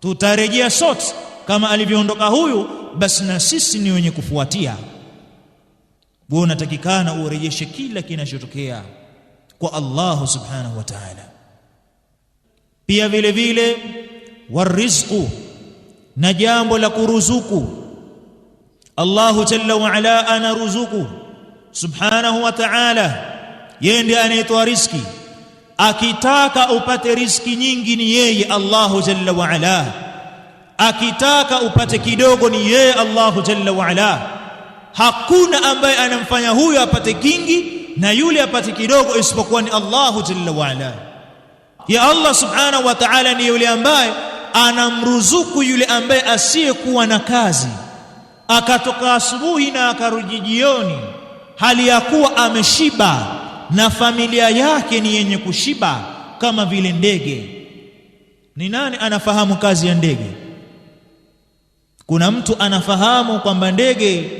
tutarejea sote kama alivyoondoka huyu, basi na sisi ni wenye kufuatia. Wewe unatakikana urejeshe kila kinachotokea kwa Allahu subhanahu wa ta'ala. Pia vile vile warizqu, na jambo la kuruzuku. Allahu jalla wa ala anaruzuku subhanahu wa ta'ala, yeye ndiye anayetoa riziki akitaka upate riziki nyingi ni yeye Allahu jalla wa ala, akitaka upate kidogo ni yeye Allahu jalla wa ala. Hakuna ambaye anamfanya huyo apate kingi na yule apate kidogo isipokuwa ni Allahu jalla wa ala. Ya Allah subhanahu wa ta'ala ni yule ambaye anamruzuku yule ambaye asiyekuwa na kazi akatoka asubuhi na akarudi jioni hali ya kuwa ameshiba na familia yake ni yenye kushiba kama vile ndege. Ni nani anafahamu kazi ya ndege? Kuna mtu anafahamu kwamba ndege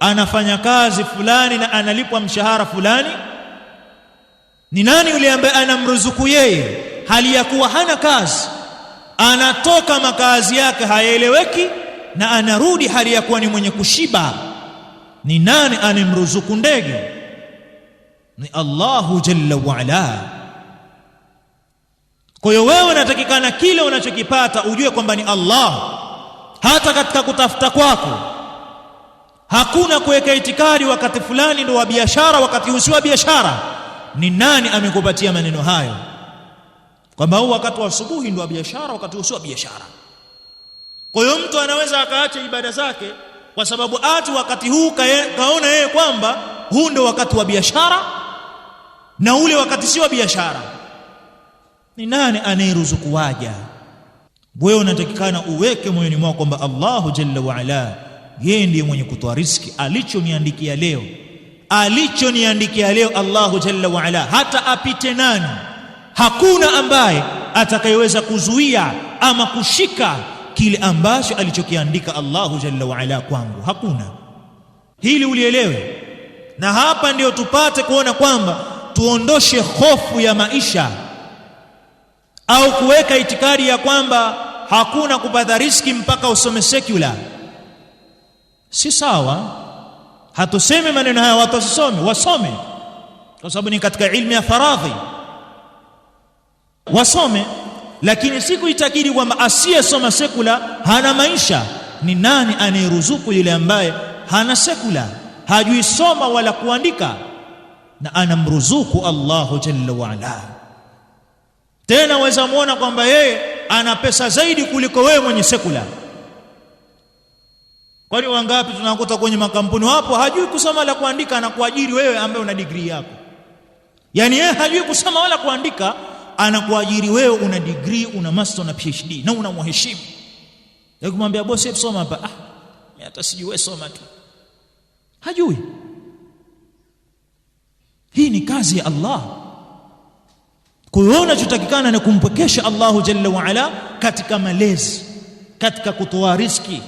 anafanya kazi fulani na analipwa mshahara fulani? Ni nani yule ambaye anamruzuku yeye hali ya kuwa hana kazi, anatoka makazi yake hayaeleweki na anarudi hali ya kuwa ni mwenye kushiba? Ni nani anemruzuku ndege? ni Allahu jalla waala. Kwa hiyo wewe unatakikana kile unachokipata ujue kwamba ni Allah. Hata katika kutafuta kwako hakuna kuweka itikadi wakati fulani ndo wa biashara, wakati huu si wa biashara. Ni nani amekupatia maneno hayo kwamba huu wakati wa asubuhi ndo wa biashara, wakati huu si wa biashara? Kwa hiyo mtu anaweza akaacha ibada zake kwa sababu ati wakati huu kaona yeye kwamba huu ndio wakati wa biashara na ule wakati sio wa biashara. Ni nani anayeruzuku waja? Wewe unatakikana uweke moyoni mwako kwamba Allahu jalla waala yeye ndiye mwenye kutoa riziki. Alichoniandikia leo, alichoniandikia leo Allahu jalla waala, hata apite nani, hakuna ambaye atakayeweza kuzuia ama kushika kile ambacho alichokiandika Allahu jalla waala kwangu, hakuna. Hili ulielewe, na hapa ndio tupate kuona kwamba tuondoshe hofu ya maisha au kuweka itikadi ya kwamba hakuna kupata riski mpaka usome secular. Si sawa. hatuseme maneno haya watu wasisome, wasome, kwa sababu ni katika ilmu ya faradhi, wasome. Lakini si kuitakidi kwamba asiyesoma sekula hana maisha. Ni nani anayeruzuku yule ambaye hana sekula, hajui soma wala kuandika? na anamruzuku Allahu jalla waala. Tena waweza muona kwamba yeye ana pesa zaidi kuliko wewe mwenye sekula. Kwani wangapi tunakuta kwenye makampuni wapo, hajui kusoma wala kuandika, anakuajiri wewe ambaye una degree yako. Yaani yeye hajui kusoma wala kuandika, anakuajiri wewe, una degree, una master na PhD na unamheshimu. Yakumwambia yaani bosi, soma hapa, ah, mimi hata sijui, wewe soma tu, hajui hii ni kazi ya Allah. Kwa chotakikana ni kumpwekesha Allahu jalla waala katika malezi, katika kutoa riski,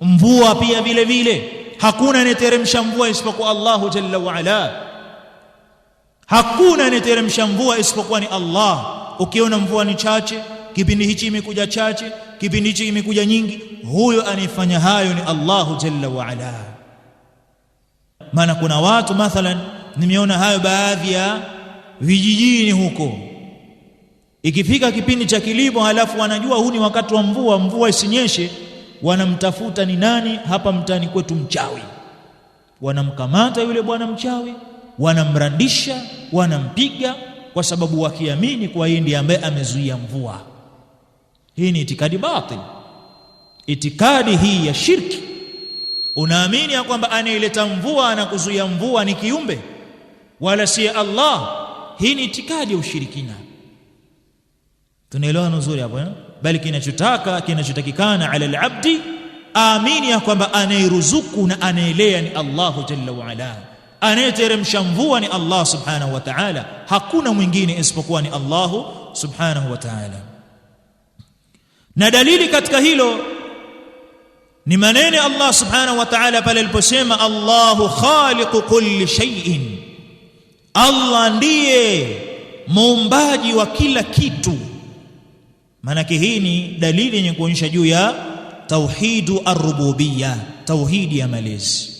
mvua pia vile vile. Hakuna anayeteremsha mvua isipokuwa Allahu jalla waala, hakuna anayeteremsha mvua isipokuwa ni Allah. Ukiona mvua ni chache, kipindi hichi imekuja chache, kipindi hichi imekuja nyingi, huyo anayefanya hayo ni Allahu jalla waala. Maana kuna watu mathalan nimeona hayo baadhi ya vijijini huko, ikifika kipindi cha kilimo, halafu wanajua huu ni wakati wa mvua, mvua isinyeshe, wanamtafuta ni nani hapa mtani kwetu mchawi. Wanamkamata yule bwana mchawi, wanamrandisha, wanampiga, kwa sababu wakiamini kwa yeye ndiye ambaye amezuia mvua. Hii ni itikadi batil, itikadi hii ya shirki. Unaamini ya kwamba anayeleta mvua, anakuzuia mvua ni kiumbe wala si Allah. Hii ni itikadi ya ushirikina. Tunaelewana nzuri hapo eh? Bali kinachotaka kinachotakikana ala alabdi aamini ya kwamba anayeruzuku na anayelea ni Allahu jalla waala, anayeteremsha mvua ni Allah subhanahu wa ta'ala, hakuna mwingine isipokuwa ni Allahu subhanahu wa ta'ala. Na dalili katika hilo ni maneno Allah subhanahu wa ta'ala pale aliposema, Allahu khaliqu kulli shay'in Allah ndiye muumbaji wa kila kitu. Maanake hii ni dalili yenye kuonyesha juu ya tauhidu arrububiyya, tauhidi ya malezi.